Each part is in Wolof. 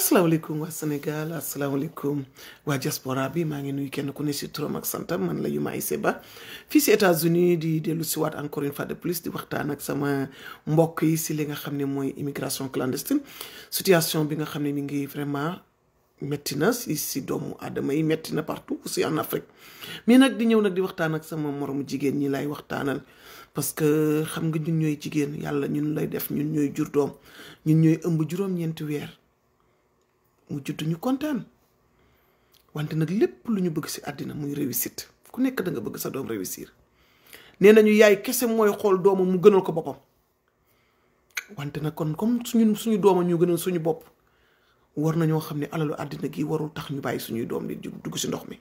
asalaamaaleykum waa Sénégal asalaamaaleykum waa diaspora bi maa ngi nuyu kenn ku ne si turam ak santam man la Yuma Aïssé Ba fii si États-Unis di dellu si waat encore une fois de plus di waxtaan ak sama mbokk yi si li nga xam ne mooy immigration clandestine situation bi nga xam ne mi ngi vraiment métti na si si doomu aadama yi métti na partout aussi en Afrique mais nag di ñëw nag di waxtaan ak sama moromu jigéen ñi lay waxtaanal parce que xam nga ñun ñooy jigéen yàlla ñun lay def ñun ñooy jur ñun ñooy ëmb juróom weer. mu judd ñu kontaan wante nag lépp lu ñu bëgg si àddina muy réussite ku nekk da nga bëgg sa doom réussir nee nañu yaay kese mooy xool doomam mu gënal ko boppam wante nag kon comme suñu suñu doomam ñu gënal suñu bopp war nañoo xam ne alalu àddina gi warul tax ñu bàyyi suñuy doom di dugg si ndox mi.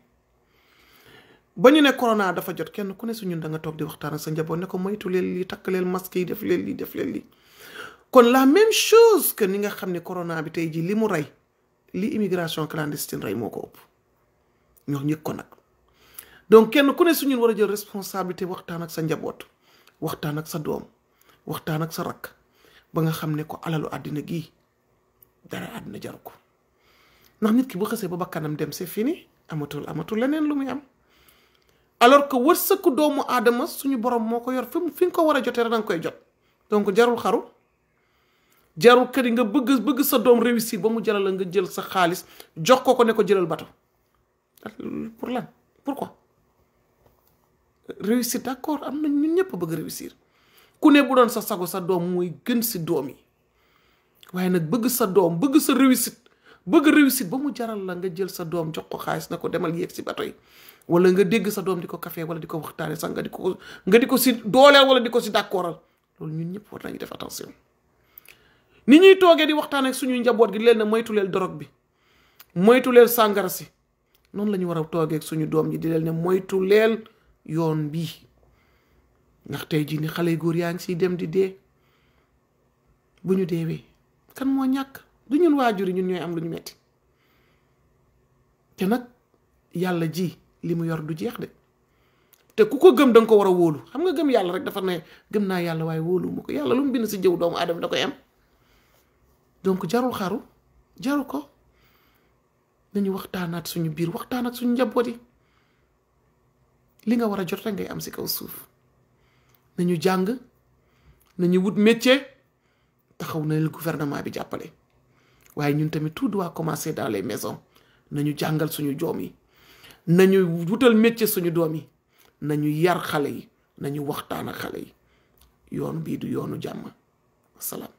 ba ñu ne corona dafa jot kenn ku ne su ñun da nga toog di waxtaan ak sa njaboot ne ko moytu leen lii takk leen masque yi def leen lii def leen lii kon la même chose que ni nga xam ne corona bi tey jii li mu rey. li immigration clandestine rey moo ko ëpp ñoo ñëg ko nag donc kenn ku ne suñu war a jël responsabilité waxtaan ak sa njaboot waxtaan ak sa doom waxtaan ak sa rakk ba nga xam ne ko alalu àddina gii dara àddina jaru ko ndax nit ki bu xasee ba bakkanam dem c'est fini amatul amatul leneen lu muy am alors que wërsëgu doomu aadama suñu borom moo ko yor fi fi nga ko war a jotee rek nga koy jot donc jarul xaru jarul kër yi nga bëgg bëgg sa doom réussir ba mu jaral la nga jël sa xaalis jox ko ko ne ko jëlal bato pour lan pourquoi réussir am na ñun ñëpp bëgg réussir ku ne bu doon sa sago sa doom mooy gën si doom yi waaye nag bëgg sa doom bëgg sa réussite bëgg réussite ba mu jaral la nga jël sa doom jox ko xaalis na ko demal yéeg si bato yi wala nga dégg sa doom di ko kafe wala di ko waxtaane sax nga di ko nga di ko si dooleel wala di ko si d'accordal loolu ñun ñëpp war nañu def attention ni ñuy toogee di waxtaan ak suñu njaboot gi leen ne moytu leel bi moytu leel sàngara si noonu lañu war a toogee suñu doom ji di leen ne moytu leel yoon bii ndax tey jii ni xale yu góor yaa ngi siy dem di dee bu ñu deewee kan moo ñàkk du ñun waajur yi ñun ñooy am lu ñu metti te nag yàlla ji li mu yor du jeex de te ku ko gëm da nga ko war a wóolu xam nga gëm yàlla rek dafa ne gëm naa yàlla waaye wóoluwuma ko yàlla lu mu bind si jëw doomu aadama da koy am donc jarul xaru jaru ko nañu waxtaanaat suñu biir waxtaanaat suñu njaboot yi li nga war a jot rek ngay am si kaw suuf nañu jàng nañu wut métier taxaw na leen gouvernement bi jàppale waaye ñun tamit tout doit commencer daal les maisons nañu jàngal suñu doom yi nañu wutal métier suñu doom yi nañu yar xale yi nañu waxtaan ak xale yi yoon bii du yoonu jàmm